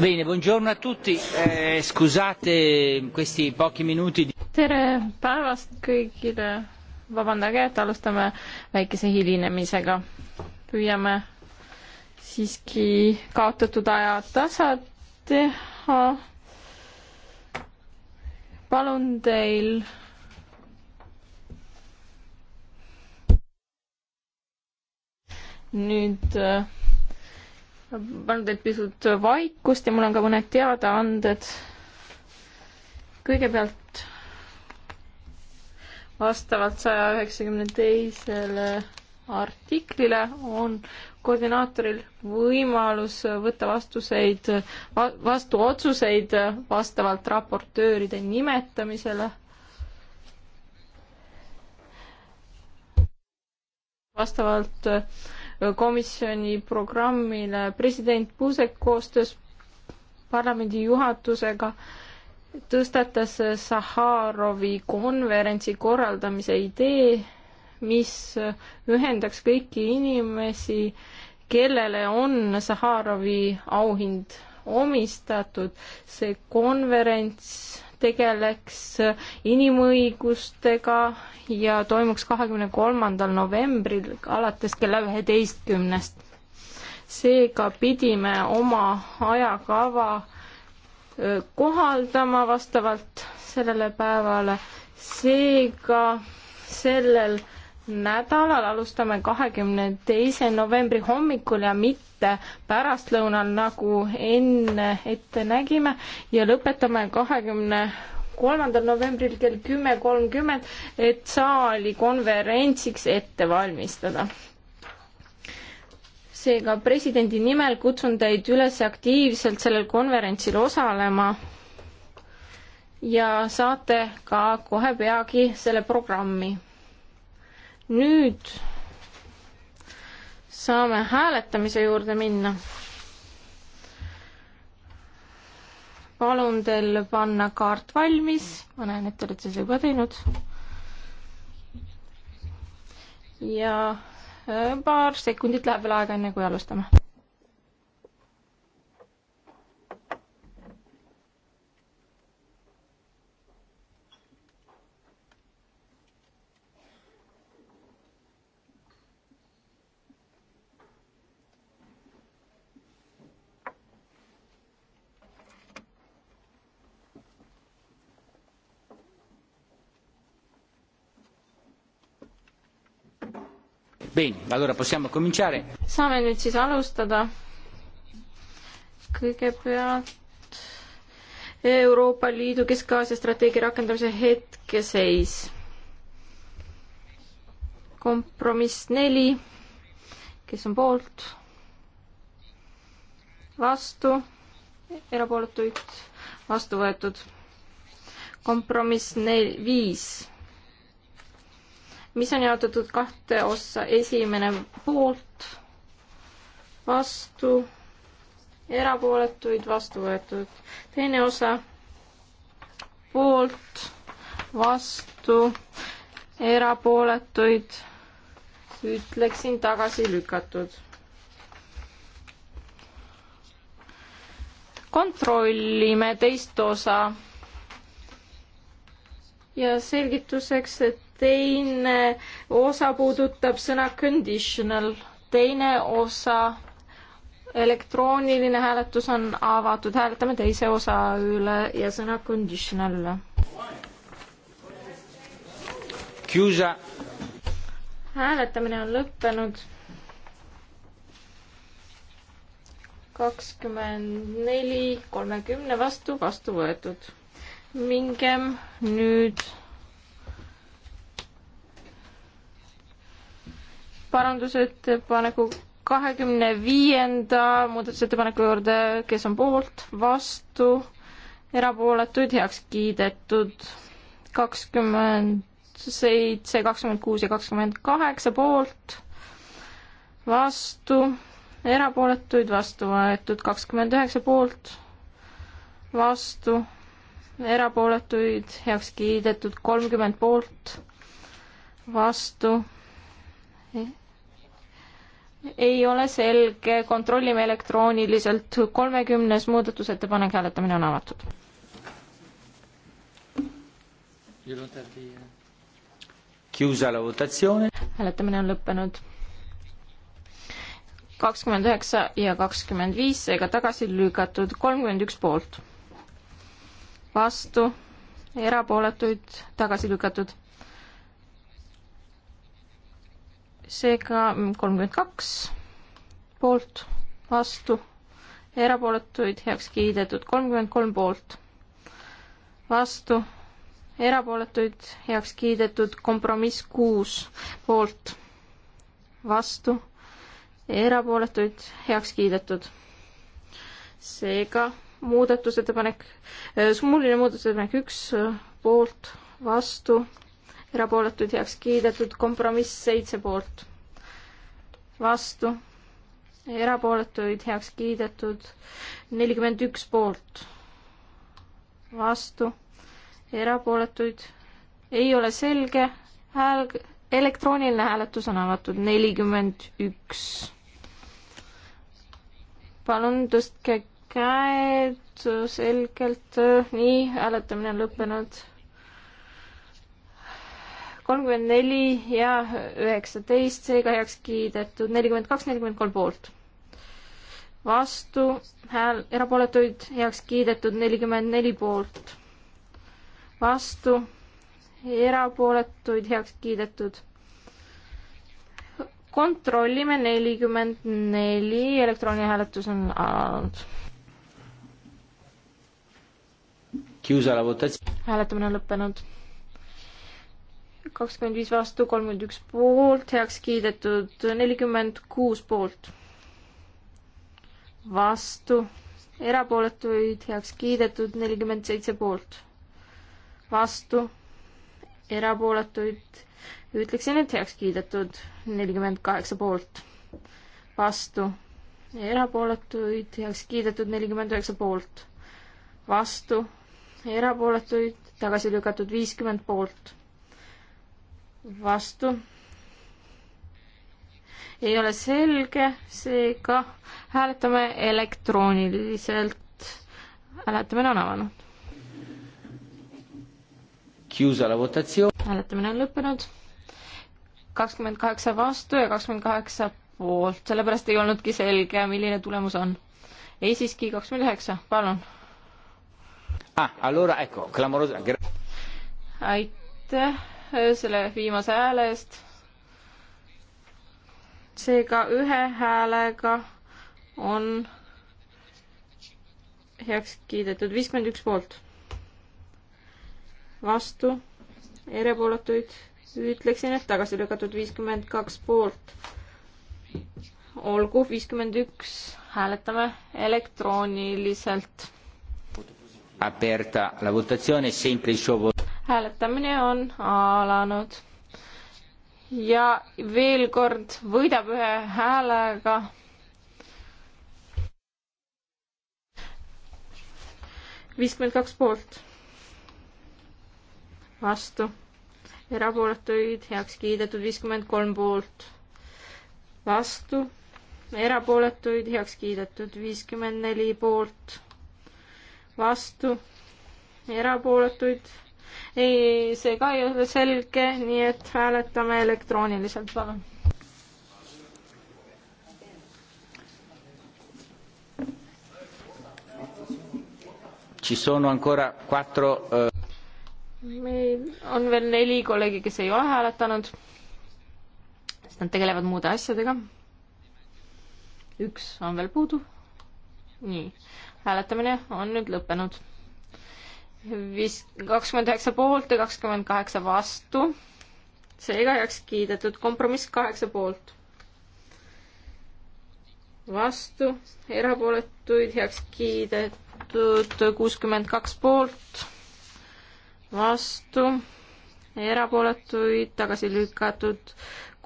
Bene, buongiorno a tutti. Eh, scusate questi pochi minuti di... tere päevast kõigile. vabandage, et alustame väikese hilinemisega. püüame siiski kaotatud aja tasa teha. palun teil nüüd äh, pannud teid pisut vaikust ja mul on ka mõned teadaanded. kõigepealt vastavalt saja üheksakümne teisele artiklile on koordinaatoril võimalus võtta vastuseid, vastu otsuseid vastavalt raportööride nimetamisele. vastavalt äh, komisjoni programmile president Puusek koostöös parlamendi juhatusega tõstatas Saharovi konverentsi korraldamise idee, mis ühendaks kõiki inimesi, kellele on Saharovi auhind omistatud. see konverents tegeleks inimõigustega ja toimuks kahekümne kolmandal novembril alates kella üheteistkümnest. seega pidime oma ajakava kohaldama vastavalt sellele päevale, seega sellel nädalal, alustame kahekümne teise novembri hommikul ja mitte pärastlõunal, nagu enne ette nägime ja lõpetame kahekümne kolmandal novembril kell kümme kolmkümmend, et saali konverentsiks ette valmistada. seega presidendi nimel kutsun teid üles aktiivselt sellel konverentsil osalema ja saate ka kohe peagi selle programmi nüüd saame hääletamise juurde minna. palun teil panna kaart valmis, ma näen, et te olete seda juba teinud. ja äh, paar sekundit läheb veel aega, enne kui alustame Bene, allora possiamo cominciare. saame nüüd siis alustada. kõigepealt Euroopa Liidu Kesk-Aasia strateegia rakendamise hetkeseis. kompromiss neli, kes on poolt? vastu, erapooletuid, vastu võetud. kompromiss nel-, viis mis on jaotatud kahte ossa, esimene poolt, vastu, erapooletuid, vastu võetud, teine osa poolt, vastu, erapooletuid, ütleksin tagasi lükatud. kontrollime teist osa. ja selgituseks, et teine osa puudutab sõna conditional, teine osa elektrooniline hääletus on avatud, hääletame teise osa üle ja sõna conditional üle. Chiusa. hääletamine on lõppenud. kakskümmend neli, kolmekümne vastu, vastu võetud. mingem nüüd parandusettepaneku kahekümne viienda muudatusettepaneku juurde, kes on poolt, vastu, erapooletuid heaks kiidetud. kakskümmend seitse, kakskümmend kuus ja kakskümmend kaheksa poolt, vastu, erapooletuid vastu võetud, kakskümmend üheksa poolt, vastu, erapooletuid heaks kiidetud, kolmkümmend poolt, vastu ei ole selge, kontrollime elektrooniliselt, kolmekümnes muudatusettepanek, hääletamine on avatud. hääletamine on lõppenud. kakskümmend üheksa ja kakskümmend viis, seega tagasi lükatud, kolmkümmend üks poolt. vastu, erapooletuid tagasi lükatud, seega kolmkümmend kaks poolt, vastu, erapooletuid heaks kiidetud kolmkümmend kolm poolt, vastu, erapooletuid heaks kiidetud kompromiss kuus poolt, vastu, erapooletuid heaks kiidetud. seega muudatusettepanek, äh, sumuline muudatusettepanek üks äh, poolt, vastu, erapooletud heaks kiidetud, kompromiss seitse poolt, vastu, erapooletuid heaks kiidetud, nelikümmend üks poolt, vastu, erapooletuid ei ole selge, hääl, elektrooniline hääletus on avatud, nelikümmend üks. palun tõstke käed selgelt, nii, hääletamine on lõppenud kolmkümmend neli ja üheksateist, seega heaks kiidetud nelikümmend kaks, nelikümmend kolm poolt. vastu hääl, erapooletuid heaks kiidetud nelikümmend neli poolt. vastu erapooletuid heaks kiidetud. kontrollime nelikümmend neli, elektrooniline hääletus on alanud. hääletamine on lõppenud kakskümmend viis vastu, kolmkümmend üks poolt, heaks kiidetud nelikümmend kuus poolt. vastu, erapooletuid heaks kiidetud nelikümmend seitse poolt. vastu, erapooletuid, ütleksin, et heaks kiidetud nelikümmend kaheksa poolt. vastu, erapooletuid heaks kiidetud nelikümmend üheksa poolt. vastu, erapooletuid tagasi lükatud viiskümmend poolt vastu. ei ole selge, seega hääletame elektrooniliselt. hääletamine on avanud. hääletamine on lõppenud. kakskümmend kaheksa vastu ja kakskümmend kaheksa poolt, sellepärast ei olnudki selge, milline tulemus on. ei siiski, kakskümmend üheksa, palun. Ah, allora ecco, clamorosa. Aitäh selle viimase hääle eest. seega ühe häälega on heaks kiidetud viiskümmend üks poolt. vastu, erapooletuid ütleksin, et tagasi lükatud viiskümmend kaks poolt. olgu, viiskümmend üks, hääletame elektrooniliselt. Aperta la votazione, sempre il suo voto hääletamine on alanud. ja veel kord võidab ühe häälega. viiskümmend kaks poolt. vastu. erapooletuid heaks kiidetud viiskümmend kolm poolt. vastu. erapooletuid heaks kiidetud viiskümmend neli poolt. vastu. erapooletuid ei, see ka ei ole selge, nii et hääletame elektrooniliselt, palun. Ci sono ancora quattro uh... meil on veel neli kolleegi, kes ei ole hääletanud, sest nad tegelevad muude asjadega. üks on veel puudu. nii, hääletamine on nüüd lõppenud viis, kakskümmend üheksa poolt ja kakskümmend kaheksa vastu. seega heaks kiidetud kompromiss kaheksa poolt. vastu, erapooletuid heaks kiidetud kuuskümmend kaks poolt. vastu, erapooletuid tagasi lükatud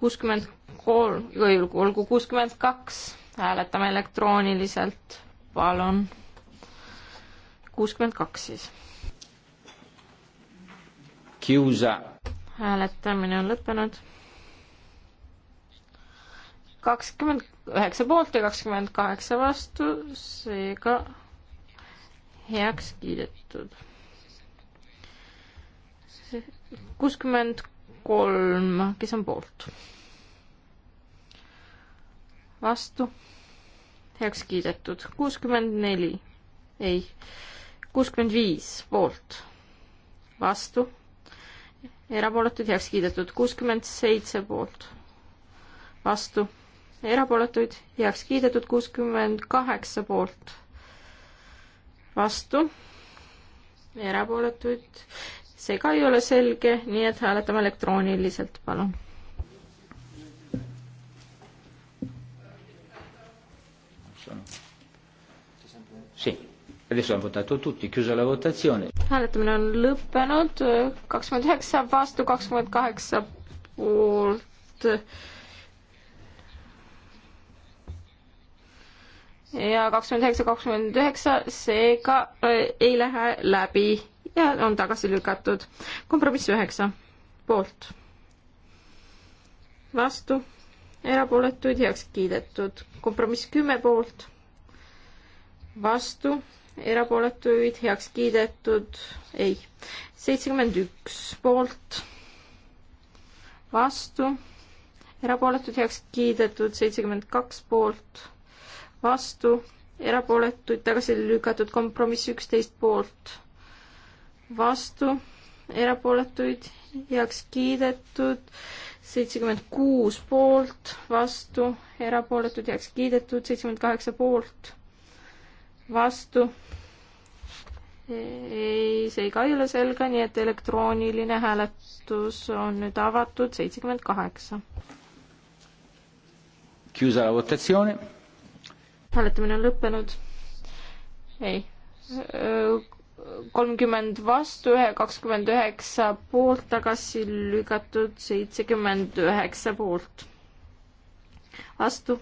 kuuskümmend kolm, või olgu kuuskümmend kaks, hääletame elektrooniliselt, palun. kuuskümmend kaks siis Chiusa. hääletamine on lõppenud. kakskümmend üheksa poolt ja kakskümmend kaheksa vastu, seega heaks kiidetud. kuuskümmend kolm, kes on poolt? vastu, heaks kiidetud. kuuskümmend neli, ei, kuuskümmend viis poolt, vastu erapooletuid heaks kiidetud kuuskümmend seitse poolt, vastu, erapooletuid heaks kiidetud kuuskümmend kaheksa poolt, vastu, erapooletuid, see ka ei ole selge, nii et hääletame elektrooniliselt, palun. Sì, adesso hanno votato tutti, chiusa la votazione hääletamine on lõppenud, kakskümmend üheksa vastu, kakskümmend kaheksa poolt. ja kakskümmend üheksa, kakskümmend üheksa, seega äh, ei lähe läbi ja on tagasi lükatud. kompromiss üheksa, poolt, vastu, erapooletuid heaks kiidetud. kompromiss kümme poolt, vastu erapooletuid heaks kiidetud, ei, seitsekümmend üks poolt, vastu, erapooletud heaks kiidetud, seitsekümmend kaks poolt, vastu, erapooletuid tagasi lükatud, kompromiss üksteist poolt, vastu, erapooletuid heaks kiidetud, seitsekümmend kuus poolt, vastu, erapooletud heaks kiidetud, seitsekümmend kaheksa poolt vastu. ei, see ei ka ei ole selge, nii et elektrooniline hääletus on nüüd avatud, seitsekümmend kaheksa. hääletamine on lõppenud. ei kolmkümmend vastu, ühe kakskümmend üheksa poolt, tagasi lükatud seitsekümmend üheksa poolt. vastu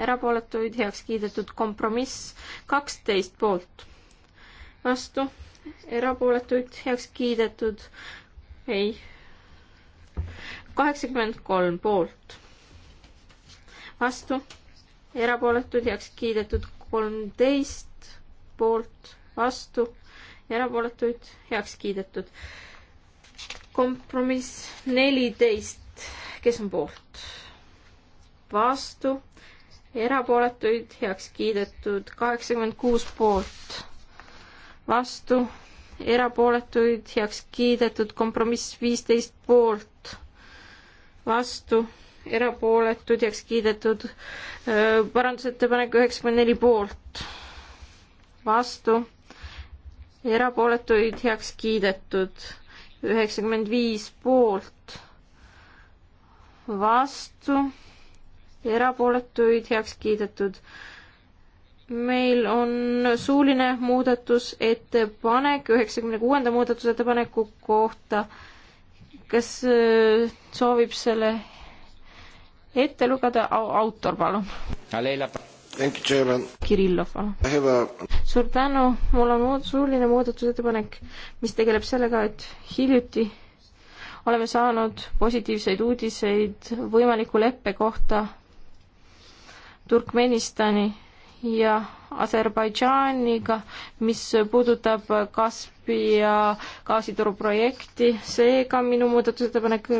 erapooletuid, heaks kiidetud kompromiss kaksteist poolt, vastu, erapooletuid, heaks kiidetud, ei, kaheksakümmend kolm poolt, vastu, erapooletuid, heaks kiidetud kolmteist poolt, vastu, erapooletuid, heaks kiidetud. kompromiss neliteist, kes on poolt? vastu erapooletuid heaks kiidetud kaheksakümmend kuus poolt, vastu erapooletuid heaks kiidetud kompromiss viisteist poolt, vastu erapooletud heaks kiidetud parandusettepanek üheksakümmend neli poolt, vastu erapooletuid heaks kiidetud üheksakümmend viis poolt, vastu erapooletuid heaks kiidetud. meil on suuline muudatusettepanek üheksakümne kuuenda muudatusettepaneku kohta. kes äh, soovib selle ette lugeda, autor palun. Kirillov, palun. suur tänu, mul on muud suuline muudatusettepanek, mis tegeleb sellega, et hiljuti oleme saanud positiivseid uudiseid võimaliku leppe kohta Turkmenistani ja Aserbaidžaaniga, mis puudutab Kaspia gaasituru projekti, seega minu muudatusettepanek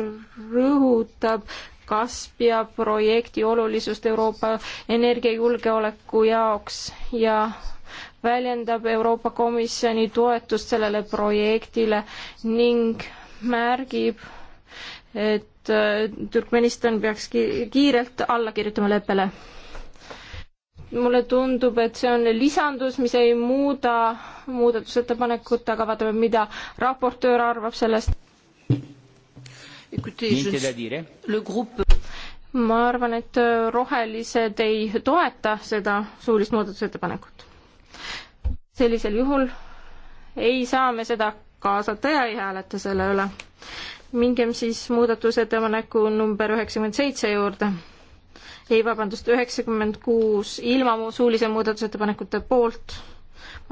rõhutab Kaspia projekti olulisust Euroopa energiajulgeoleku jaoks ja väljendab Euroopa Komisjoni toetust sellele projektile ning märgib, et Türkmenistan peaks kiirelt alla kirjutama leppele mulle tundub, et see on lisandus, mis ei muuda muudatusettepanekut, aga vaatame, mida raportöör arvab sellest. ma arvan, et rohelised ei toeta seda suulist muudatusettepanekut. sellisel juhul ei saa me seda kaasata ja ei hääleta selle üle. mingem siis muudatusettepaneku number üheksakümmend seitse juurde ei, vabandust, üheksakümmend kuus ilma suulise muudatusettepanekute poolt,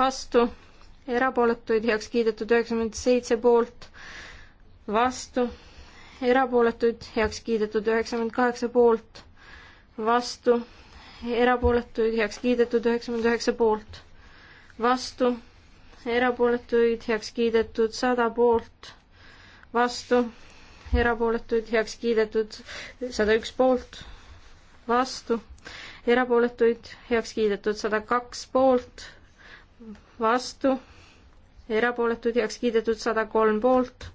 vastu, erapooletuid heaks kiidetud üheksakümmend seitse poolt, vastu, erapooletuid heaks kiidetud üheksakümmend kaheksa poolt, vastu, erapooletuid heaks kiidetud üheksakümmend üheksa poolt, vastu, erapooletuid heaks kiidetud sada poolt, vastu, erapooletuid heaks kiidetud sada üks poolt vastu, erapooletuid heaks kiidetud sada kaks poolt, vastu, erapooletuid heaks kiidetud sada kolm poolt,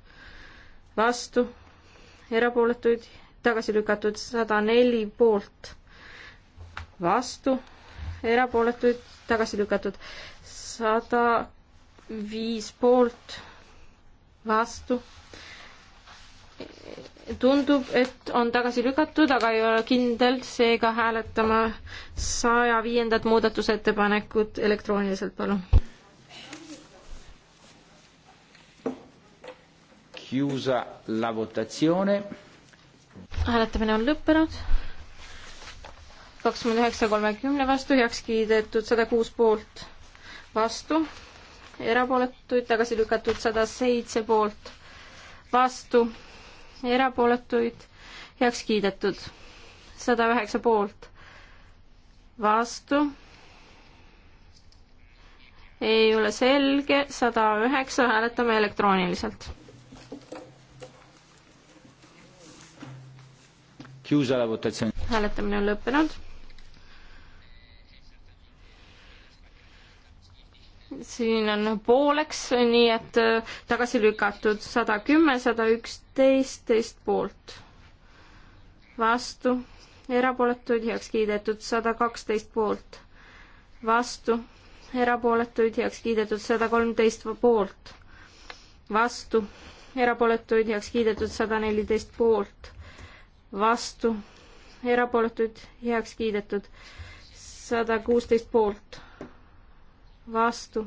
vastu, erapooletuid tagasi lükatud sada neli poolt, vastu, erapooletuid tagasi lükatud sada viis poolt, vastu, tundub, et on tagasi lükatud, aga ei ole kindel, seega hääletame saja viiendat muudatusettepanekut elektrooniliselt, palun. Chiusa la votazione. hääletamine on lõppenud. kakskümmend üheksa kolmekümne vastu heaks kiidetud, sada kuus poolt vastu, erapooletuid tagasi lükatud sada seitse poolt vastu erapooletuid heaks kiidetud. sada üheksa poolt, vastu. ei ole selge, sada üheksa, hääletame elektrooniliselt. hääletamine on lõppenud siin on pooleks, nii et äh, tagasi lükatud sada kümme, sada üksteist, teist poolt. vastu, erapooletuid heaks kiidetud sada kaksteist poolt. vastu, erapooletuid heaks kiidetud sada kolmteist poolt. vastu, erapooletuid heaks kiidetud sada neliteist poolt. vastu, erapooletuid heaks kiidetud sada kuusteist poolt vastu,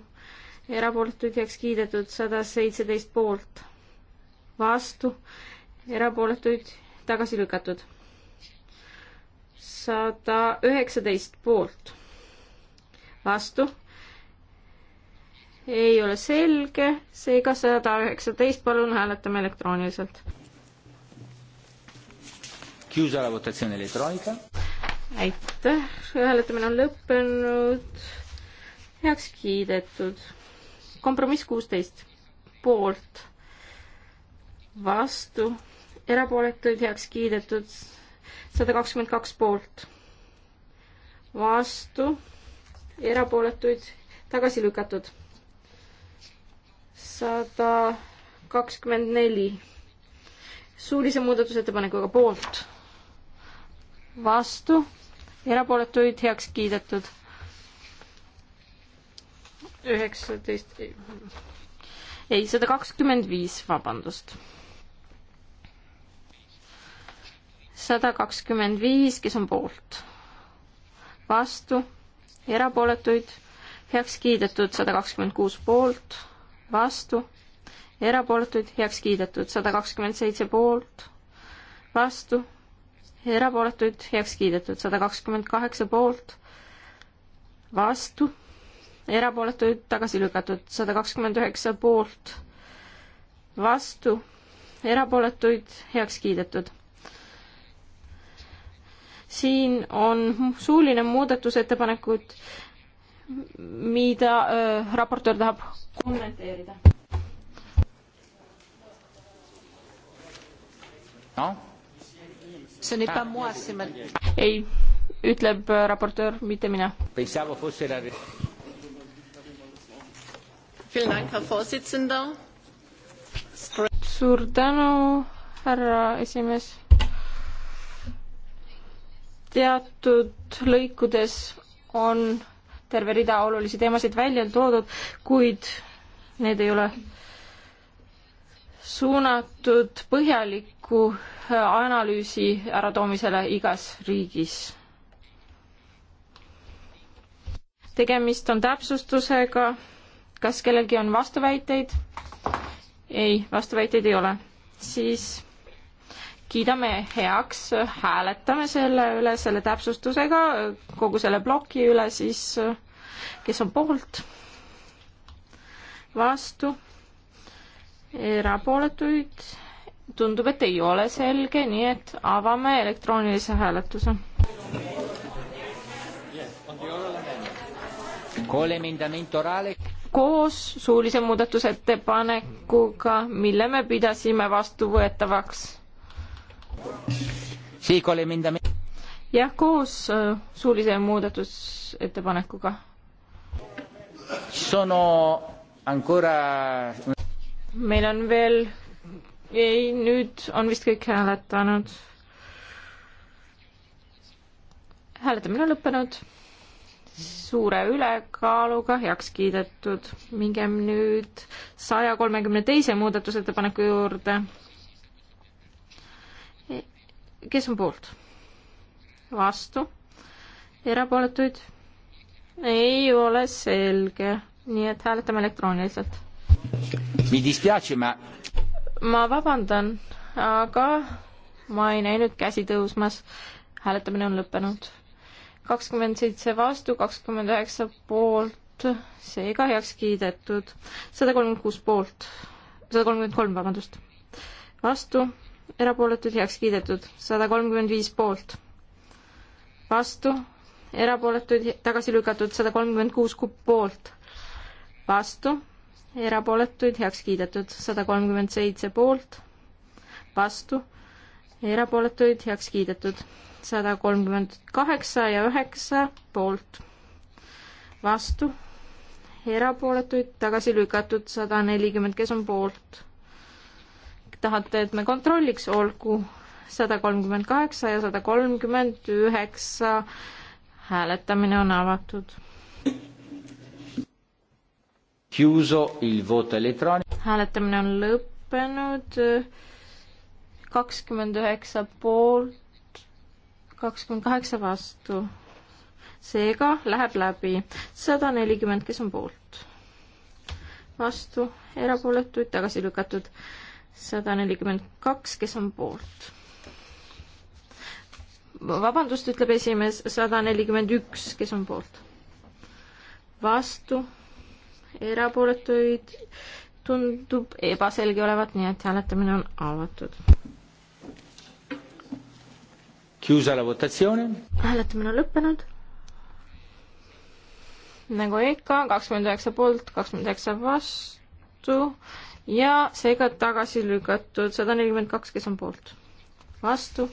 erapooletuid heaks kiidetud sada seitseteist poolt, vastu, erapooletuid tagasi lükatud. sada üheksateist poolt, vastu ei ole selge, seega sada üheksateist, palun hääletame elektrooniliselt. aitäh, hääletamine on lõppenud heaks kiidetud. kompromiss kuusteist poolt, vastu, erapooletuid heaks kiidetud sada kakskümmend kaks poolt, vastu, erapooletuid tagasi lükatud sada kakskümmend neli suulise muudatusettepanekuga poolt, vastu, erapooletuid heaks kiidetud üheksateist, ei, sada kakskümmend viis, vabandust. sada kakskümmend viis, kes on poolt, vastu, erapooletuid, heaks kiidetud sada kakskümmend kuus poolt, vastu, erapooletuid, heaks kiidetud sada kakskümmend seitse poolt, vastu, erapooletuid, heaks kiidetud sada kakskümmend kaheksa poolt, vastu erapooletuid tagasi lükatud, sada kakskümmend üheksa poolt, vastu, erapooletuid heaks kiidetud. siin on suuline muudatusettepanekud, mida äh, raportöör tahab kommenteerida. noh see n'est pas moi, c'est ma... Ei, ütleb äh, raportöör, mitte mina. Pensavo fosse la suur tänu, härra esimees. teatud lõikudes on terve rida olulisi teemasid välja toodud, kuid need ei ole suunatud põhjaliku analüüsi äratoomisele igas riigis. tegemist on täpsustusega kas kellelgi on vastuväiteid? ei, vastuväiteid ei ole. siis kiidame heaks, hääletame selle üle, selle täpsustusega, kogu selle ploki üle siis, kes on poolt, vastu, erapooletuid, tundub, et ei ole selge, nii et avame elektroonilise hääletuse koos suulise muudatusettepanekuga, mille me pidasime vastuvõetavaks. jah, koos äh, suulise muudatusettepanekuga. meil on veel, ei, nüüd on vist kõik hääletanud. hääletamine on lõppenud suure ülekaaluga heaks kiidetud. mingem nüüd saja kolmekümne teise muudatusettepaneku juurde. kes on poolt? vastu? erapooletuid? ei ole selge, nii et hääletame elektrooniliselt. ma vabandan, aga ma ei näinud käsi tõusmas. hääletamine on lõppenud kakskümmend seitse vastu, kakskümmend üheksa poolt, seega heaks kiidetud. sada kolmkümmend kuus poolt, sada kolmkümmend kolm, vabandust, vastu, erapooletud, heaks kiidetud, sada kolmkümmend viis poolt, vastu, erapooletuid tagasi lükatud, sada kolmkümmend kuus poolt, vastu, erapooletuid heaks kiidetud, sada kolmkümmend seitse poolt, vastu, erapooletuid heaks kiidetud sada kolmkümmend kaheksa ja üheksa poolt, vastu, erapooletuid tagasi lükatud sada nelikümmend, kes on poolt. tahate, et me kontrolliks, olgu sada kolmkümmend kaheksa ja sada kolmkümmend üheksa hääletamine on avatud. hääletamine on lõppenud kakskümmend üheksa poolt kakskümmend kaheksa vastu. seega läheb läbi sada nelikümmend, kes on poolt. vastu, erapooletuid tagasi lükatud sada nelikümmend kaks, kes on poolt. vabandust, ütleb esimees, sada nelikümmend üks, kes on poolt. vastu, erapooletuid tundub ebaselge olevat, nii et hääletamine on avatud Chiusa la votazione. hääletamine on lõppenud. nagu ikka, kakskümmend üheksa poolt, kakskümmend üheksa vastu ja seega tagasi lükatud sada nelikümmend kaks, kes on poolt, vastu,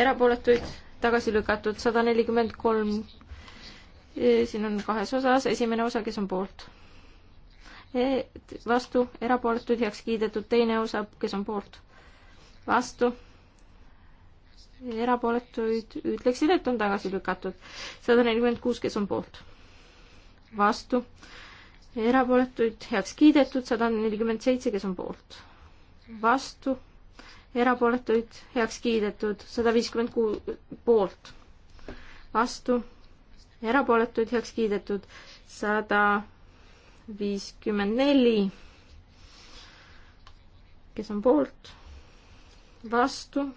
erapooletuid tagasi lükatud sada nelikümmend kolm. E, siin on kahes osas, esimene osa, kes on poolt e,, vastu, erapooletuid heaks kiidetud, teine osa, kes on poolt, vastu, erapooletuid ütleksin, et on tagasi lükatud. sada nelikümmend kuus, kes on poolt, vastu, erapooletuid heaks kiidetud, sada nelikümmend seitse, kes on poolt, vastu, erapooletuid heaks kiidetud, sada viiskümmend kuus poolt, vastu, erapooletuid heaks kiidetud, sada viiskümmend neli, kes on poolt, vastu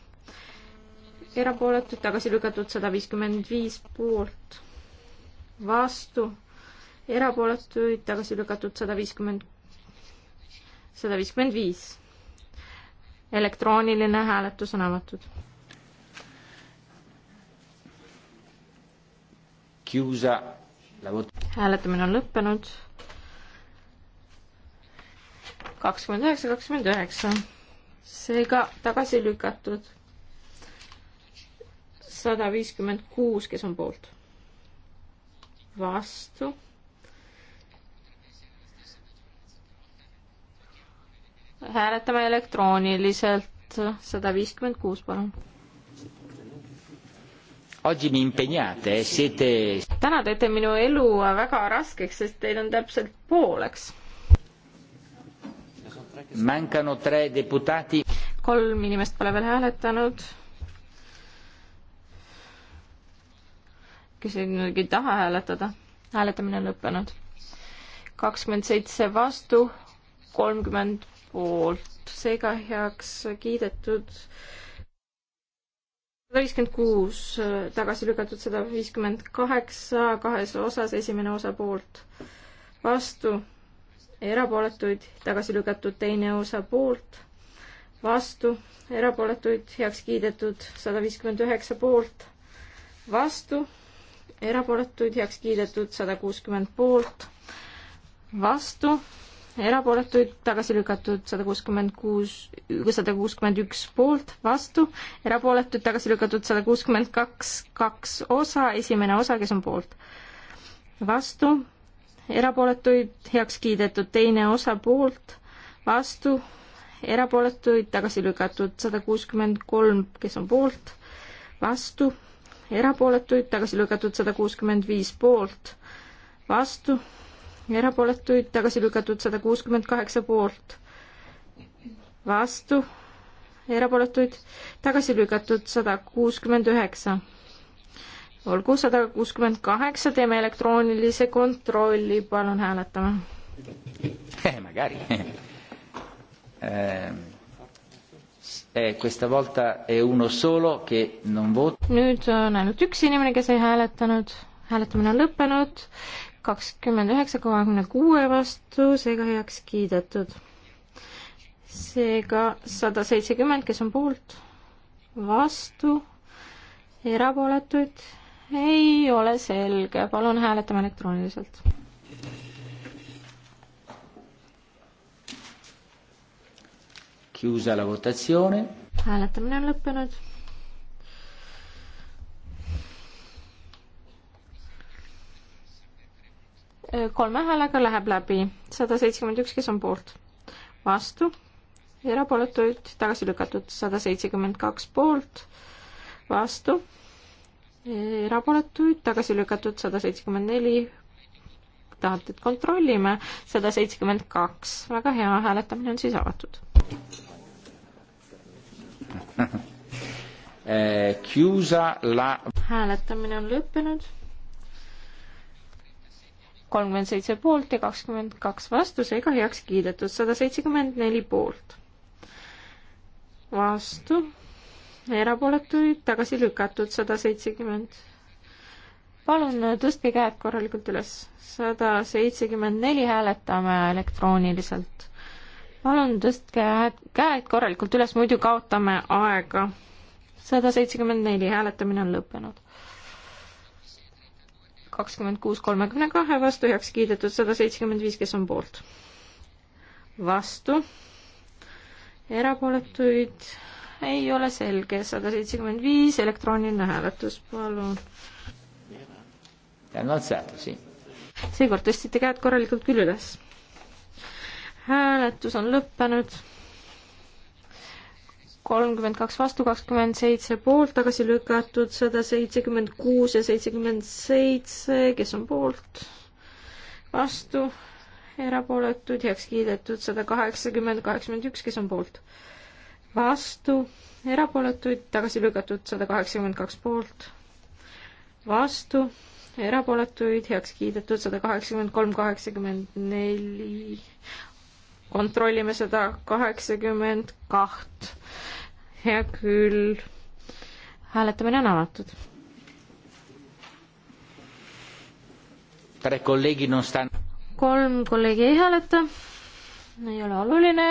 erapooletuid, tagasi lükatud sada viiskümmend viis poolt, vastu, erapooletuid, tagasi lükatud sada viiskümmend, sada viiskümmend viis. elektrooniline hääletus on avatud. hääletamine on lõppenud. kakskümmend üheksa, kakskümmend üheksa seega tagasi lükatud sada viiskümmend kuus, kes on poolt? vastu. hääletame elektrooniliselt, sada viiskümmend kuus, palun. täna teete minu elu väga raskeks, sest teil on täpselt pooleks. kolm inimest pole veel hääletanud kes ei taha hääletada. hääletamine on lõppenud. kakskümmend seitse vastu, kolmkümmend poolt, seega heaks kiidetud sada viiskümmend kuus, tagasi lükatud sada viiskümmend kaheksa, kahes osas, esimene osa poolt, vastu, erapooletuid, tagasi lükatud teine osa poolt, vastu, erapooletuid, heaks kiidetud sada viiskümmend üheksa poolt, vastu erapooletuid heaks kiidetud, sada kuuskümmend poolt, vastu, erapooletuid tagasi lükatud, sada kuuskümmend kuus, sada kuuskümmend üks poolt, vastu, erapooletuid tagasi lükatud, sada kuuskümmend kaks, kaks osa, esimene osa, kes on poolt, vastu, erapooletuid heaks kiidetud, teine osa poolt, vastu, erapooletuid tagasi lükatud, sada kuuskümmend kolm, kes on poolt, vastu erapooletuid, tagasi lükatud sada kuuskümmend viis poolt, vastu, erapooletuid, tagasi lükatud sada kuuskümmend kaheksa poolt, vastu, erapooletuid, tagasi lükatud sada kuuskümmend üheksa olgu sada kuuskümmend kaheksa, teeme elektroonilise kontrolli, palun hääletame. Eh, questa volta è uno solo che non vota. nüüd on ainult üks inimene, kes ei hääletanud, hääletamine on lõppenud, kakskümmend üheksa kolmekümne kuue vastu, seega heaks kiidetud. seega sada seitsekümmend, kes on poolt, vastu, erapooletuid ei ole selge, palun hääletame elektrooniliselt Chiusa la votazione. hääletamine on lõppenud. kolme häälega läheb läbi sada seitsekümmend üks, kes on poolt, vastu, erapooletuid tagasi lükatud sada seitsekümmend kaks poolt, vastu, erapooletuid tagasi lükatud sada seitsekümmend neli tahate, et kontrollime, sada seitsekümmend kaks, väga hea, hääletamine on siis avatud. Eh, hääletamine on lõppenud. kolmkümmend seitse poolt ja kakskümmend kaks vastu, seega heaks kiidetud, sada seitsekümmend neli poolt. vastu, erapooletuid tagasi lükatud, sada seitsekümmend. palun tõstke käed korralikult üles, sada seitsekümmend neli hääletame elektrooniliselt palun tõstke käed korralikult üles, muidu kaotame aega. sada seitsekümmend neli, hääletamine on lõppenud. kakskümmend kuus kolmekümne kahe vastu heaks kiidetud sada seitsekümmend viis, kes on poolt. vastu. erapooletuid ei ole selge, sada seitsekümmend viis, elektrooniline hääletus, palun. seekord tõstsite käed korralikult küll üles hääletus on lõppenud. kolmkümmend kaks vastu, kakskümmend seitse poolt, tagasi lükatud sada seitsekümmend kuus ja seitsekümmend seitse, kes on poolt, vastu, erapooletud, heaks kiidetud sada kaheksakümmend, kaheksakümmend üks, kes on poolt, vastu, erapooletuid, tagasi lükatud sada kaheksakümmend kaks poolt, vastu, erapooletuid heaks kiidetud sada kaheksakümmend kolm, kaheksakümmend neli kontrollime seda kaheksakümmend kaht. hea küll. hääletamine on avatud. tere, kolleegid, on Sten. kolm kolleegi ei hääleta. ei ole oluline.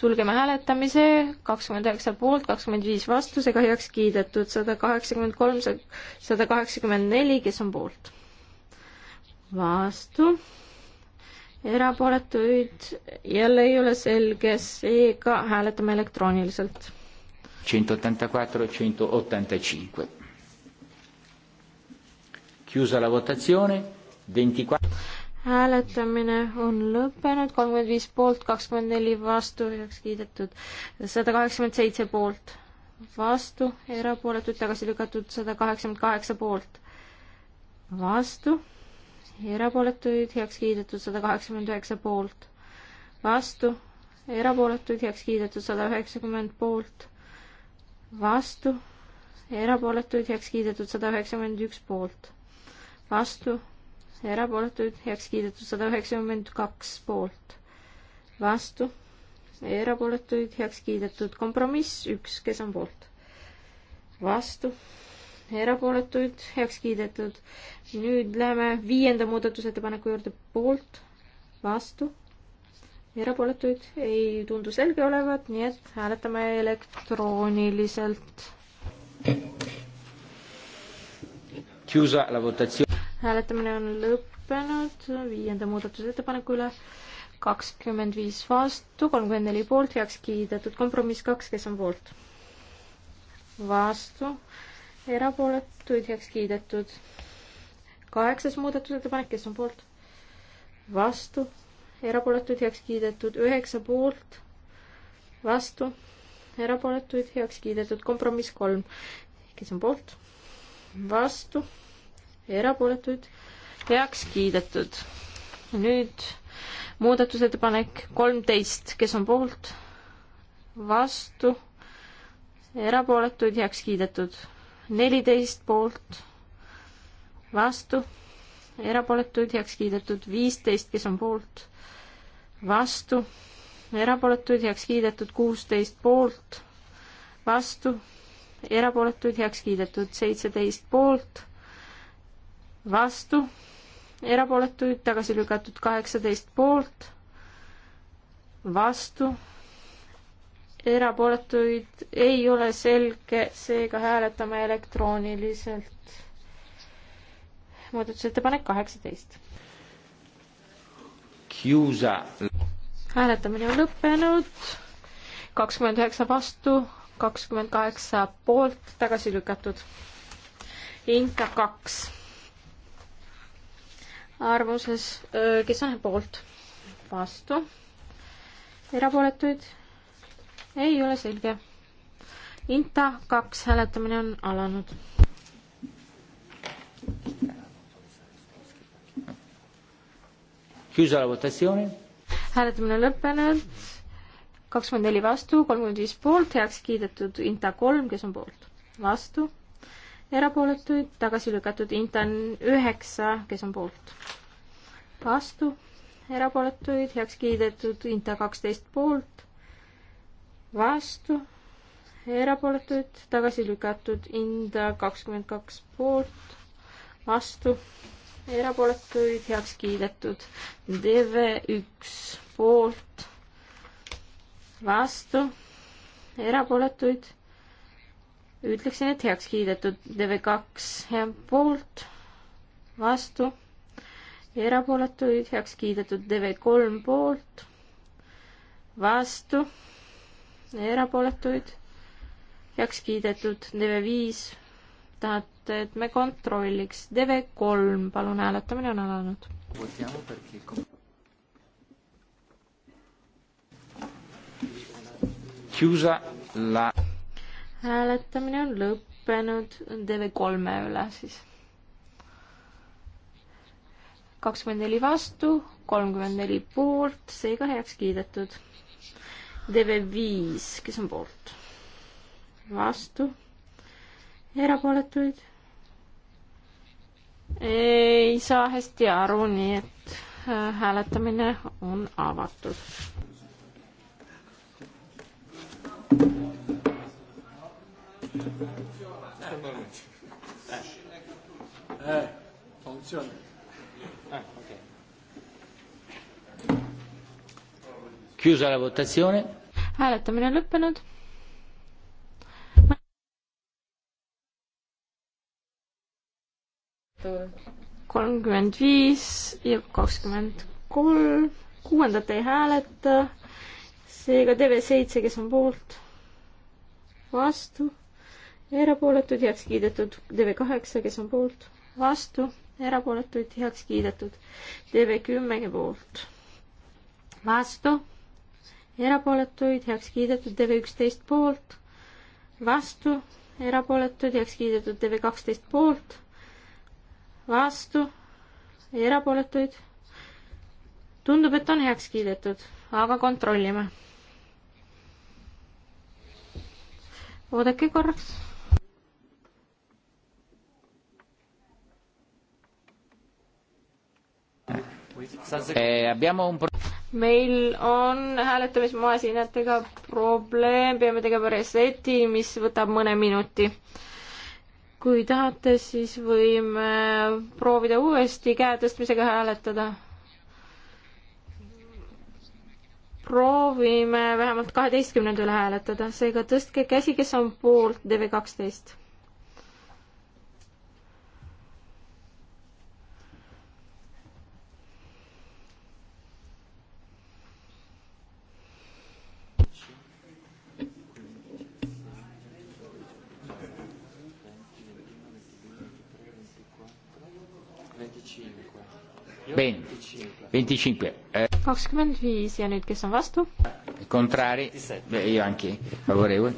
sulgeme hääletamise, kakskümmend üheksa poolt, kakskümmend viis vastusega heaks kiidetud, sada kaheksakümmend kolm, sada kaheksakümmend neli, kes on poolt? vastu erapooletuid jälle ei ole selge, seega hääletame elektrooniliselt. Chiusa la votazione, 24 hääletamine on lõppenud, kolmkümmend viis poolt, kakskümmend neli vastu, heaks kiidetud, sada kaheksakümmend seitse poolt, vastu, erapooletud, tagasi lükatud, sada kaheksakümmend kaheksa poolt, vastu erapooletuid heaks kiidetud sada kaheksakümmend üheksa poolt, vastu, erapooletuid heaks kiidetud sada üheksakümmend poolt, vastu, erapooletuid heaks kiidetud sada üheksakümmend üks poolt, vastu, erapooletuid heaks kiidetud sada üheksakümmend kaks poolt, vastu, erapooletuid heaks kiidetud kompromiss üks, kes on poolt, vastu erapooletuid heaks kiidetud. nüüd läheme viienda muudatusettepaneku juurde, poolt, vastu, erapooletuid ei tundu selge olevat, nii et hääletame elektrooniliselt. hääletamine on lõppenud viienda muudatusettepaneku üle kakskümmend viis vastu, kolmkümmend neli poolt, heaks kiidetud kompromiss kaks, kes on poolt? vastu, erapooletuid heaks kiidetud. kaheksas muudatusettepanek, kes on poolt? vastu, erapooletuid heaks kiidetud, üheksa poolt, vastu, erapooletuid heaks kiidetud, kompromiss kolm, kes on poolt? vastu, erapooletuid heaks kiidetud. nüüd muudatusettepanek kolmteist, kes on poolt? vastu, erapooletuid heaks kiidetud neliteist poolt, vastu, erapooletuid heaks kiidetud, viisteist, kes on poolt, vastu, erapooletuid heaks kiidetud, kuusteist poolt, vastu, erapooletuid heaks kiidetud, seitseteist poolt, vastu, erapooletuid tagasi lükatud, kaheksateist poolt, vastu erapooletuid ei ole selge, seega hääletame elektrooniliselt. muudatusettepanek kaheksateist. Kiusa. hääletamine on lõppenud, kakskümmend üheksa vastu, kakskümmend kaheksa poolt, tagasi lükatud. Inka kaks. arvamuses, kes on poolt? vastu. erapooletuid ei ole selge. Inta kaks hääletamine on alanud. hääletamine on lõppenud. kakskümmend neli vastu, kolmkümmend viis poolt, heaks kiidetud Inta kolm, kes on poolt, vastu, erapooletuid, tagasi lükatud Inta üheksa, kes on poolt, vastu, erapooletuid, heaks kiidetud Inta kaksteist poolt vastu, erapooletuid tagasi lükatud, Inda kakskümmend kaks poolt, vastu, erapooletuid heaks kiidetud, DV üks poolt, vastu, erapooletuid, ütleksin, et heaks kiidetud, DV kaks poolt, vastu erapooletuid heaks kiidetud DV3 poolt, vastu, erapooletuid heaks kiidetud, DV5 tahate, et me kontrolliks, DV3, palun, hääletamine on alanud. hääletamine on lõppenud DV3-e üle siis. kakskümmend neli vastu, kolmkümmend neli poolt, seega heaks kiidetud. DV5, kes on poolt? vastu? erapooletuid? ei saa hästi aru, nii et äh, hääletamine on avatud. Äh, funziona. Ah, äh, ok. hääletamine on lõppenud. kolmkümmend viis ja kakskümmend kolm, kuuendat ei hääleta. seega TV7, kes on poolt, vastu, erapooletud, heaks kiidetud. TV8, kes on poolt, vastu, erapooletuid, heaks kiidetud. TV10 poolt, vastu erapooletuid, heaks kiidetud, DV11 poolt, vastu, erapooletuid, heaks kiidetud, DV12 poolt, vastu, erapooletuid. tundub, et on heaks kiidetud, aga kontrollime. oodake korraks Eh, abbiamo un meil on hääletamismasinatega probleem, peame tegema reseti, mis võtab mõne minuti. kui tahate, siis võime proovida uuesti käe tõstmisega hääletada. proovime vähemalt kaheteistkümnenda üle hääletada, seega tõstke käsi, kes on poolt DV kaksteist Venticinque. kakskümmend viis ja nüüd, kes on vastu? Contrari, io anche favorevole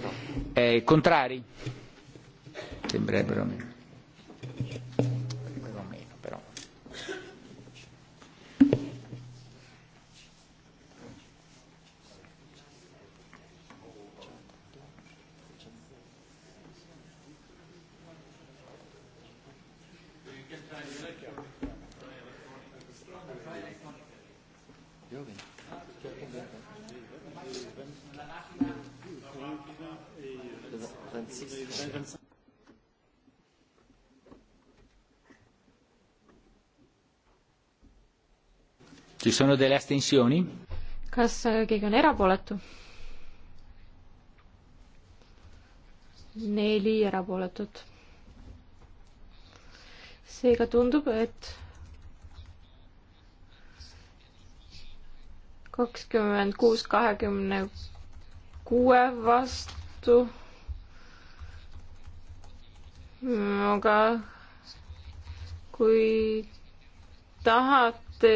eh,. Contrari. Sembrerebbero meno. Ci sono delle astensioni? kas eh, keegi on erapooletu? neli erapooletut. seega tundub, et kakskümmend kuus kahekümne kuue vastu aga kui tahate,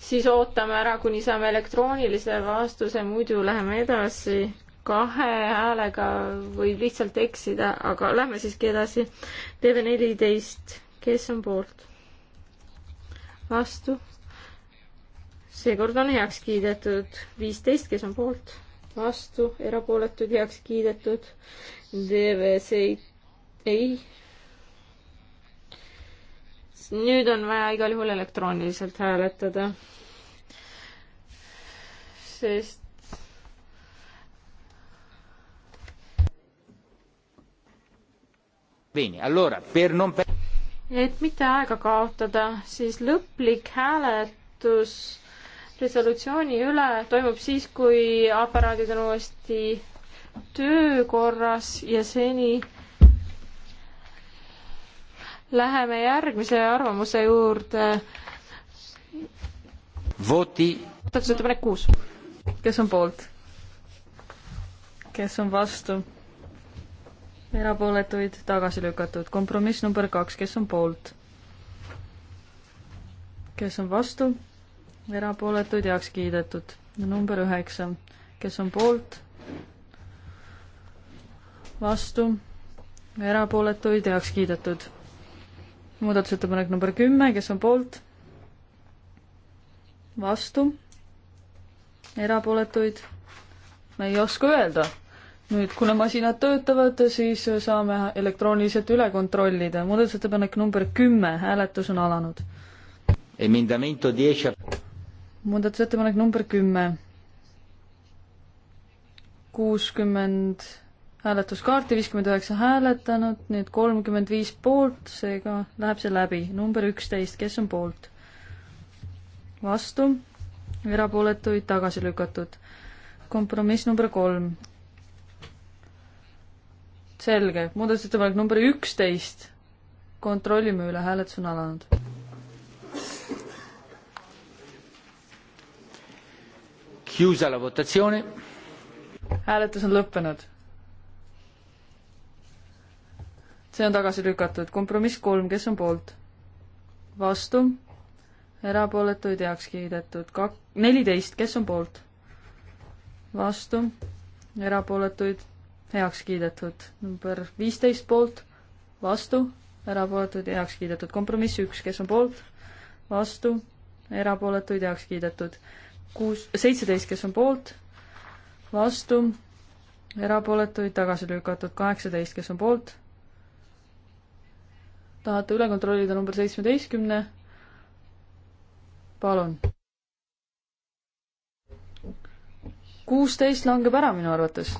siis ootame ära, kuni saame elektroonilise vastuse, muidu läheme edasi kahe häälega võib lihtsalt eksida, aga lähme siiski edasi. TV14, kes on poolt? vastu? seekord on heaks kiidetud viisteist, kes on poolt? vastu, erapooletud, heaks kiidetud. TV7, ei. nüüd on vaja igal juhul elektrooniliselt hääletada. sest et mitte aega kaotada, siis lõplik hääletus resolutsiooni üle toimub siis, kui aparaadid on uuesti töökorras ja seni Läheme järgmise arvamuse juurde. Voti. muudatusettepanek kuus. kes on poolt? kes on vastu? erapooletuid tagasi lükatud. kompromiss number kaks, kes on poolt? kes on vastu? erapooletuid heaks kiidetud. number üheksa, kes on poolt? vastu? erapooletuid heaks kiidetud muudatusettepanek number kümme, kes on poolt? vastu? erapooletuid? ma ei oska öelda. nüüd, kuna masinad töötavad, siis saame elektrooniliselt üle kontrollida. muudatusettepanek number kümme, hääletus on alanud. muudatusettepanek number kümme. kuuskümmend 60 hääletuskaarti, viiskümmend üheksa hääletanud, nüüd kolmkümmend viis poolt, seega läheb see läbi. number üksteist, kes on poolt? vastu, erapooletuid tagasi lükatud. kompromiss number kolm. selge, muudatusettepanek number üksteist. kontrollime üle, hääletus on alanud. Chiusa la votazione. hääletus on lõppenud see on tagasi lükatud. kompromiss kolm, kes on poolt? vastu? erapooletuid heaks kiidetud. kak-, neliteist, kes on poolt? vastu? erapooletuid heaks kiidetud. number viisteist poolt, vastu, erapooletuid heaks kiidetud. kompromiss üks, kes on poolt? vastu, erapooletuid heaks kiidetud. kuus, seitseteist, kes on poolt? vastu, erapooletuid tagasi lükatud. kaheksateist, kes on poolt? tahate üle kontrollida number seitsmeteistkümne? palun. kuusteist langeb ära minu arvates.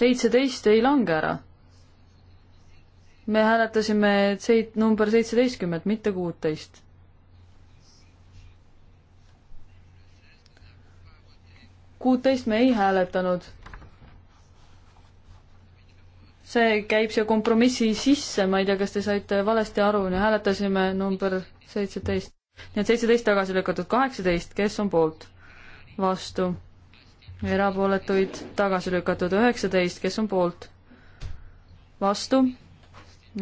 seitseteist ei lange ära. me hääletasime seit-, number seitseteistkümmet, mitte kuuteist kuuteist me ei hääletanud. see käib siia kompromissi sisse, ma ei tea, kas te saite valesti aru, me hääletasime number seitseteist. nii et seitseteist tagasi lükatud, kaheksateist, kes on poolt? vastu. erapooletuid tagasi lükatud, üheksateist, kes on poolt? vastu.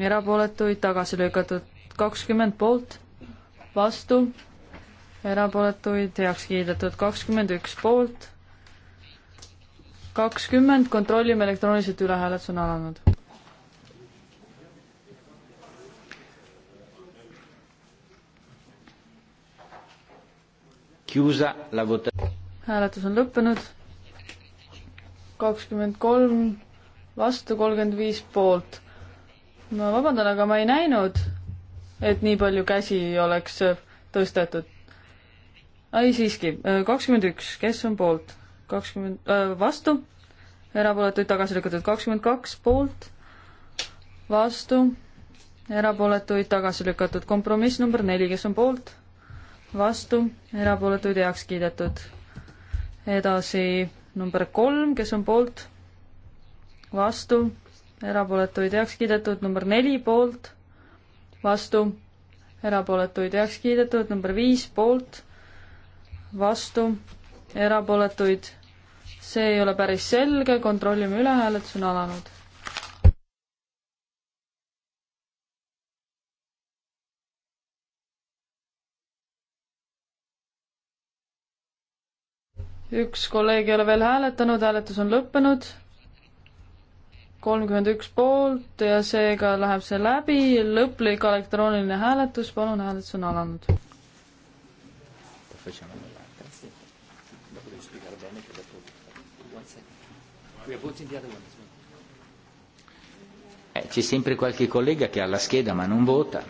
erapooletuid tagasi lükatud, kakskümmend poolt, vastu erapooletuid heaks kiidetud kakskümmend üks poolt, kakskümmend, kontrollime elektrooniliselt üle, hääletus on alanud. hääletus on lõppenud. kakskümmend kolm vastu, kolmkümmend viis poolt. ma vabandan, aga ma ei näinud, et nii palju käsi oleks tõstetud. ei siiski, kakskümmend üks, kes on poolt? kakskümmend, äh, vastu, erapooletuid tagasi lükatud kakskümmend kaks, poolt, vastu, erapooletuid tagasi lükatud, kompromiss number neli, kes on poolt, vastu, erapooletuid heaks kiidetud. edasi number kolm, kes on poolt, vastu, erapooletuid heaks kiidetud, number neli poolt, vastu, erapooletuid heaks kiidetud, number viis poolt, vastu, erapooletuid. see ei ole päris selge, kontrollime üle, hääletus on alanud. üks kolleeg ei ole veel hääletanud, hääletus on lõppenud. kolmkümmend üks poolt ja seega läheb see läbi, lõplik elektrooniline hääletus, palun, hääletus on alanud. professionaal We are voting the other one. Eh, c'è sempre qualche collega che ha la scheda ma non vota.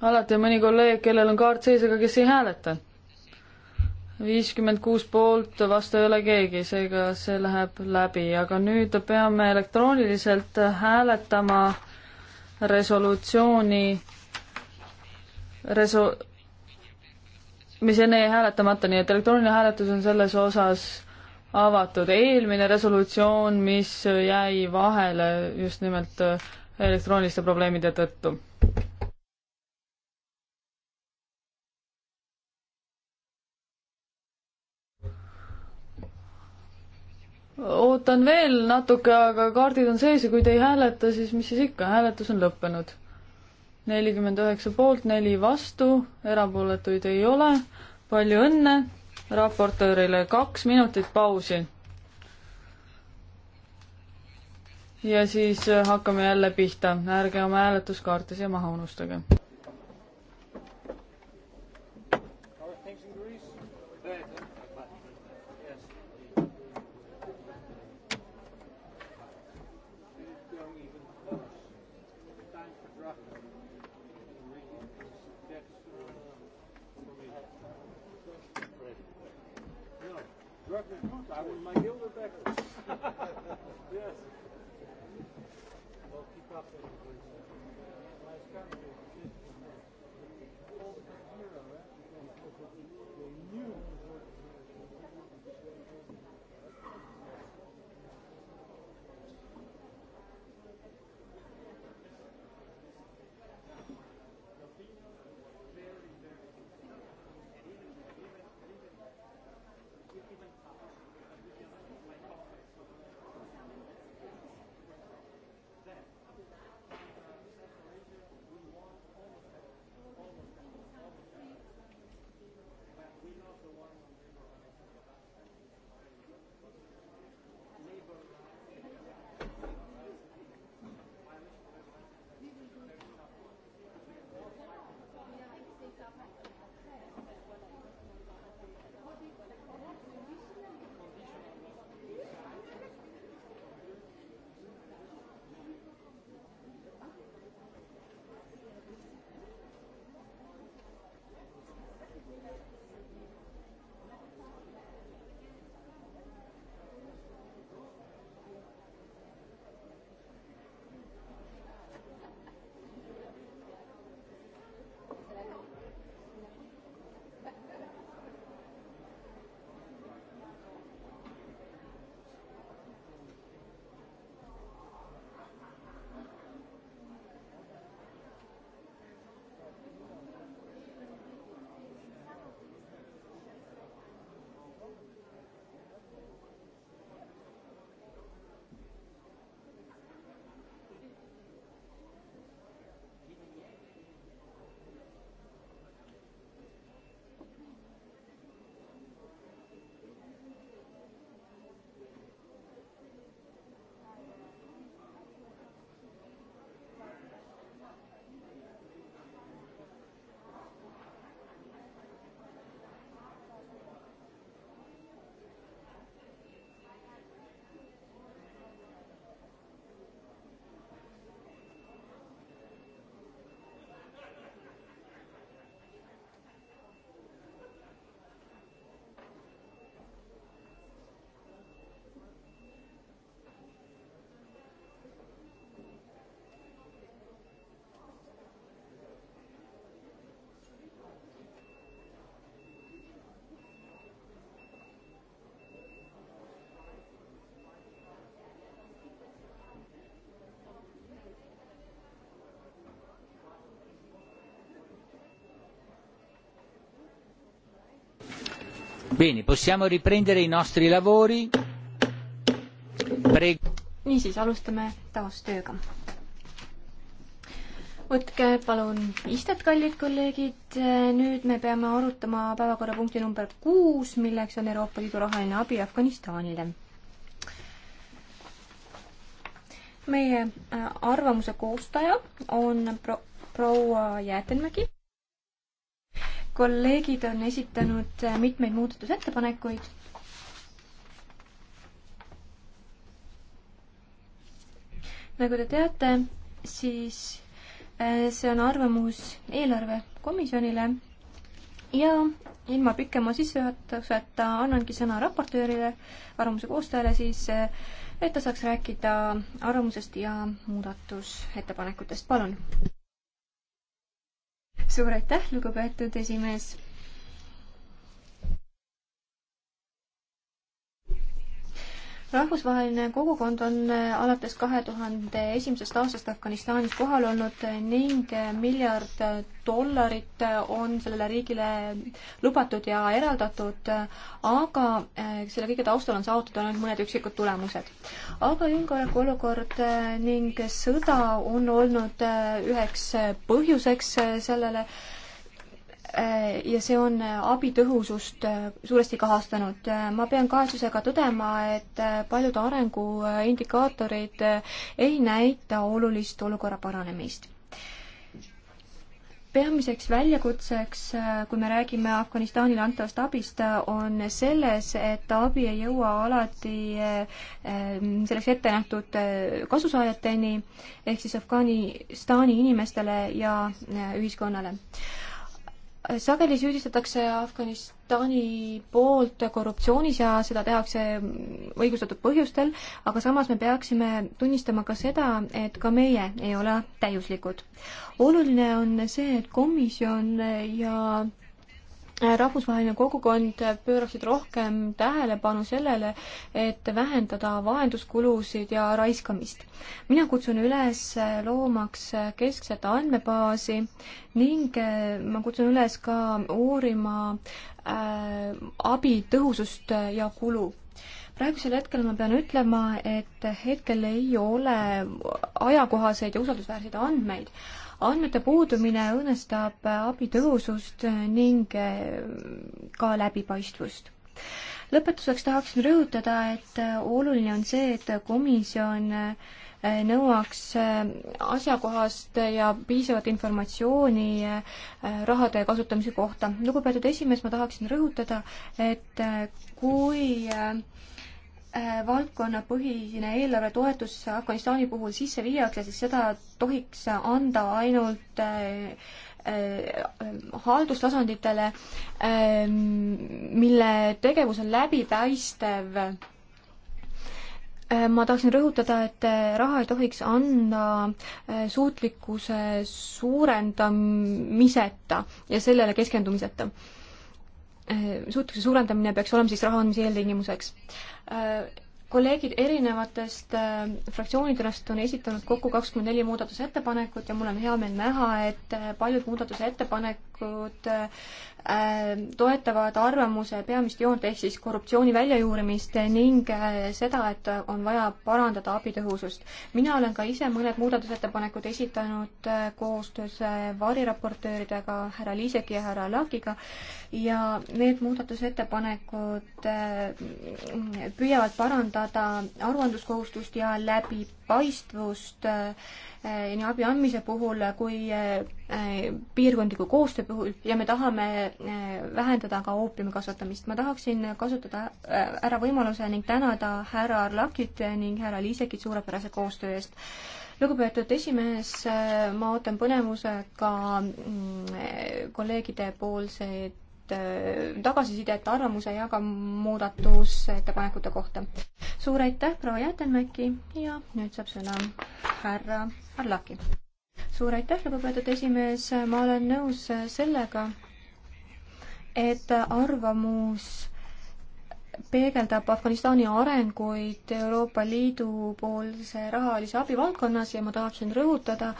alati on mõni kolleeg, kellel on kaart sees, aga kes ei hääleta. viiskümmend kuus poolt, vastu ei ole keegi, seega see läheb läbi, aga nüüd peame elektrooniliselt hääletama resolutsiooni reso-, mis enne jäi hääletamata, nii et elektrooniline hääletus on selles osas avatud. eelmine resolutsioon, mis jäi vahele just nimelt äh, elektrooniliste probleemide tõttu. ootan veel natuke, aga kaardid on sees ja kui te ei hääleta, siis mis siis ikka, hääletus on lõppenud. nelikümmend üheksa poolt, neli vastu, erapooletuid ei ole. palju õnne raportöörile kaks minutit pausi. ja siis hakkame jälle pihta, ärge oma hääletuskaarte siia maha unustage. Bene, possiamo riprendere i nostri lavori. Prego. niisiis, alustame taas tööga. võtke palun istet, kallid kolleegid. nüüd me peame arutama päevakorrapunkti number kuus, milleks on Euroopa Liidu rahaline abi Afganistanile. meie äh, arvamuse koostaja on pro-, proua Jäätenmägi kolleegid on esitanud äh, mitmeid muudatusettepanekuid. nagu te teate, siis äh, see on arvamus eelarvekomisjonile ja ilma pikema sissejuhatuseta annangi sõna raportöörile, arvamuse koostajale siis, äh, et ta saaks rääkida arvamusest ja muudatusettepanekutest, palun suur aitäh, lugupeetud esimees rahvusvaheline kogukond on äh, alates kahe tuhande esimesest aastast Afganistanis kohal olnud äh, ning äh, miljard dollarit on sellele riigile lubatud ja eraldatud, aga selle kõige taustal on saavutatud ainult mõned üksikud tulemused. aga julgeolekuolukord ning sõda on olnud üheks põhjuseks sellele äh, Äh, ja see on äh, abi tõhusust äh, suuresti kahastanud. ma pean kahetsusega tõdema, et paljud arenguindikaatorid ei näita olulist olukorra paranemist. peamiseks väljakutseks, kui me räägime Afganistanile antavast abist, on selles, et abi ei jõua alati selleks ette nähtud kasusaajateni ehk siis Afganistani inimestele ja ühiskonnale sageli süüdistatakse Afganistani poolt korruptsioonis ja seda tehakse õigustatud põhjustel, aga samas me peaksime tunnistama ka seda, et ka meie ei ole täiuslikud. oluline on see, et komisjon ja rahvusvaheline kogukond pööraksid rohkem tähelepanu sellele, et vähendada vahenduskulusid ja raiskamist. mina kutsun üles loomaks keskset andmebaasi ning ma kutsun üles ka uurima äh, abi tõhusust ja kulu praegusel hetkel ma pean ütlema, et hetkel ei ole ajakohaseid ja usaldusväärseid andmeid, andmete puudumine õõnestab abi tõhusust ning äh, ka läbipaistvust lõpetuseks tahaksin rõhutada, et äh, oluline on see, et komisjon äh, nõuaks asjakohast ja piisavat informatsiooni rahade kasutamise kohta. lugupeetud esimees, ma tahaksin rõhutada, et kui Äh, valdkonnapõhine eelarvetoetus Afganistani puhul sisse viiakse, siis seda tohiks anda ainult äh, äh, haldustasanditele, ähm, mille tegevus on läbipäistev ma tahaksin rõhutada, et raha ei tohiks anda suutlikkuse suurendamiseta ja sellele keskendumiseta. Äh, suutlikkuse suurendamine peaks olema siis raha andmise eeltingimuseks. Äh, kolleegid erinevatest äh, fraktsioonidest on esitanud kokku kakskümmend neli muudatusettepanekut ja mul on hea meel näha, et paljud muudatusettepanekud Äh, toetavad arvamuse peamist joont ehk siis korruptsiooni väljajuurimist ning äh, seda, et on vaja parandada abi tõhusust. mina olen ka ise mõned muudatusettepanekud esitanud äh, koostöös variraportööridega härra Liiseki ja härra Lakiga ja need muudatusettepanekud püüavad parandada aruandluskohustust ja läbi läbipaistvust eh, nii abi andmise puhul kui eh, piirkondliku koostöö puhul ja me tahame eh, vähendada ka oopiumi kasvatamist. ma tahaksin kasutada ära võimaluse ning tänada härra Arlakit ning härra Liisekit suurepärase koostöö eest lugupeetud esimees, ma ootan põnevusega mm, kolleegide poolseid Äh, tagasisidet, arvamuse ja ka muudatusettepanekute kohta. suur aitäh, proua Jätenmäki ja nüüd saab sõna härra Arlaki. suur aitäh, lugupeetud esimees, ma olen nõus sellega, et arvamus peegeldab Afganistani arenguid Euroopa Liidu poolse rahalise abi valdkonnas ja ma tahaksin rõhutada,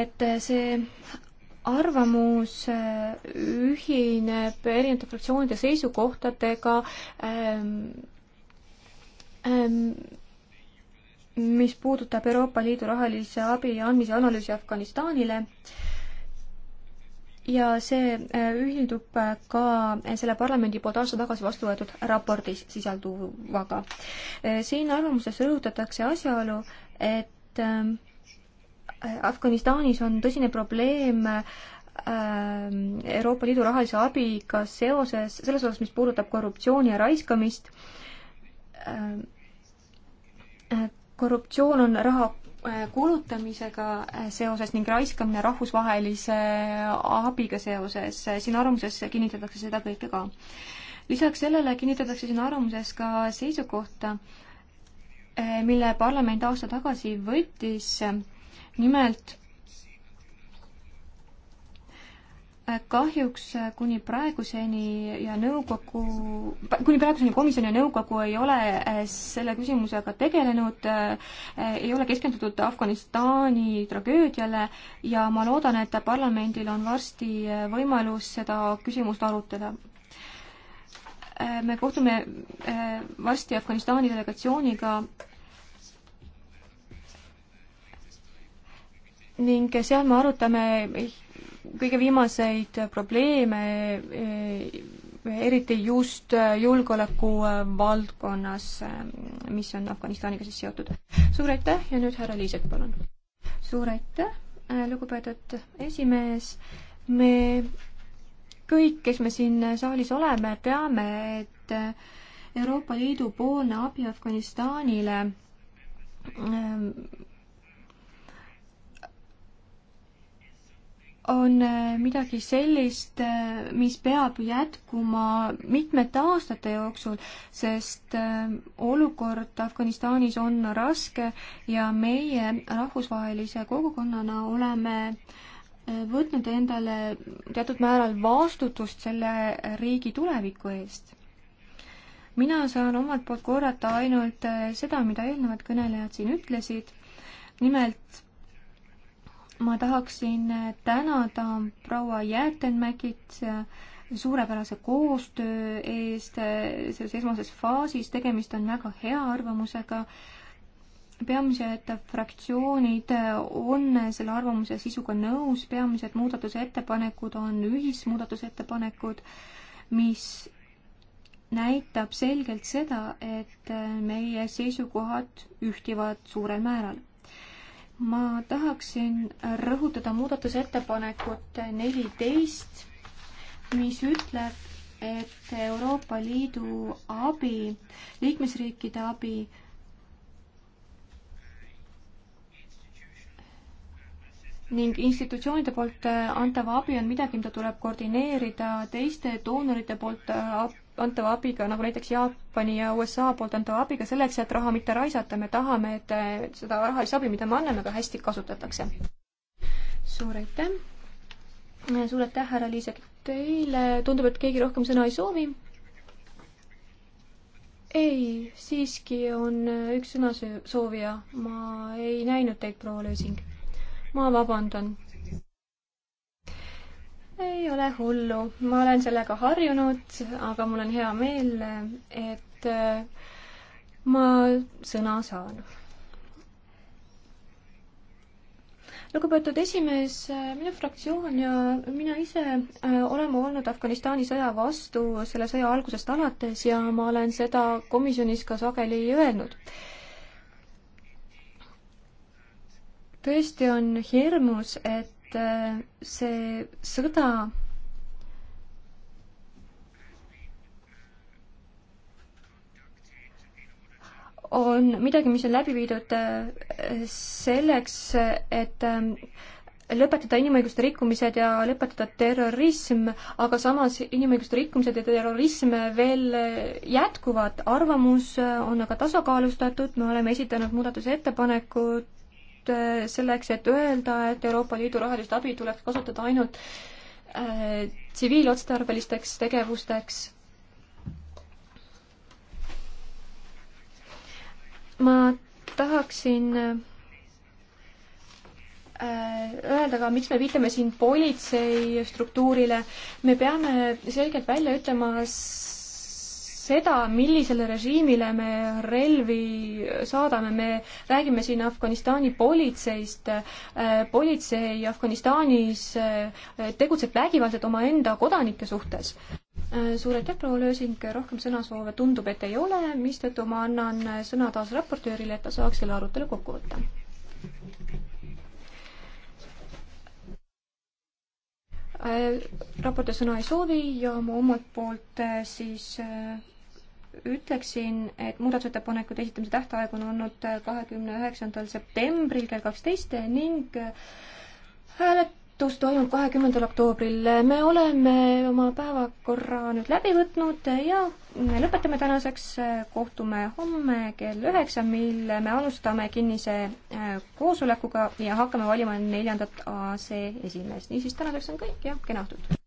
et see arvamus äh, ühineb erinevate fraktsioonide seisukohtadega ähm,, ähm, mis puudutab Euroopa Liidu rahalise abi andmise analüüsi Afganistanile ja see äh, ühildub äh, ka selle parlamendi poolt aasta tagasi vastu võetud raportis sisalduvaga. siin arvamuses rõhutatakse asjaolu, et ähm, Afganistanis on tõsine probleem ähm, Euroopa Liidu rahalise abiga seoses, selles osas, mis puudutab korruptsiooni ja raiskamist. Ähm, äh, korruptsioon on raha äh, kulutamisega äh, seoses ning raiskamine rahvusvahelise abiga seoses, siin arvamuses kinnitatakse seda kõike ka. lisaks sellele kinnitatakse siin arvamuses ka seisukohta, mille parlament aasta tagasi võttis nimelt kahjuks kuni praeguseni ja nõukogu, kuni praeguseni komisjon ja nõukogu ei ole äh, selle küsimusega tegelenud, äh, ei ole keskendutud Afganistani tragöödiale ja ma loodan, et parlamendil on varsti äh, võimalus seda küsimust arutada. me kohtume varsti Afganistani delegatsiooniga ning seal me arutame kõige viimaseid probleeme, eriti just julgeoleku valdkonnas, mis on Afganistaniga siis seotud. suur aitäh ja nüüd härra Liisek, palun. suur aitäh, lugupeetud esimees, me kõik, kes me siin saalis oleme, teame, et Euroopa Liidu poolne abi Afganistanile on äh, midagi sellist, äh, mis peab jätkuma mitmete aastate jooksul, sest äh, olukord Afganistanis on raske ja meie rahvusvahelise kogukonnana oleme võtnud endale teatud määral vastutust selle riigi tuleviku eest. mina saan omalt poolt korrata ainult seda, mida eelnevad kõnelejad siin ütlesid, nimelt ma tahaksin tänada proua Jäätenmägit suurepärase koostöö eest selles esmases faasis, tegemist on väga hea arvamusega. peamised fraktsioonid on selle arvamuse sisuga nõus, peamised muudatusettepanekud on ühismuudatusettepanekud, mis näitab selgelt seda, et meie seisukohad ühtivad suurel määral ma tahaksin rõhutada muudatusettepanekut neliteist, mis ütleb, et Euroopa Liidu abi, liikmesriikide abi ning institutsioonide poolt antav abi on midagi, mida tuleb koordineerida teiste doonorite poolt antava abiga, nagu näiteks Jaapani ja USA poolt antava abiga, selleks, et raha mitte raisata, me tahame, et seda rahalist abi, mida me anname, ka hästi kasutatakse. suur aitäh! suur aitäh, härra Liisek, teile, tundub, et keegi rohkem sõna ei soovi. ei, siiski on üks sõnasoovija, ma ei näinud teid, proua Lösing. ma vabandan ei ole hullu, ma olen sellega harjunud, aga mul on hea meel, et äh, ma sõna saan. lugupeetud esimees, äh, minu fraktsioon ja mina ise äh, oleme olnud Afganistani sõja vastu selle sõja algusest alates ja ma olen seda komisjonis ka sageli öelnud tõesti on hirmus, et et äh, see sõda on midagi, mis on läbi viidud äh, selleks, et äh, lõpetada inimõiguste rikkumised ja lõpetada terrorism, aga samas inimõiguste rikkumised ja terrorism veel jätkuvad. arvamus on aga tasakaalustatud, me oleme esitanud muudatusettepanekud koostööd äh, selleks, et öelda, et Euroopa Liidu rahalist abi tuleks kasutada ainult äh, tsiviilotstarbelisteks äh, tegevusteks. ma tahaksin äh, öelda ka, miks me viitame siin politseistruktuurile. me peame selgelt välja ütlema seda, millisele režiimile me relvi saadame, me räägime siin Afganistani politseist, äh, politsei Afganistanis äh, tegutseb vägivaldselt omaenda kodanike suhtes. Äh, suur aitäh, proua Lösing, rohkem sõnasoove tundub, et ei ole, mistõttu ma annan sõna taas raportöörile, et ta saaks selle arutelu kokku võtta. raporti sõna ei soovi ja ma omalt poolt siis ütleksin, et muudatusettepanekute esitamise tähtaeg on olnud kahekümne üheksandal septembril kell kaksteist ning hääletus toimub kahekümnendal oktoobril. me oleme oma päevakorra nüüd läbi võtnud ja me lõpetame tänaseks, kohtume homme kell üheksa, mil me alustame kinnise äh, koosolekuga ja hakkame valima neljandat AC esimeest. niisiis, tänaseks on kõik ja kena õhtut!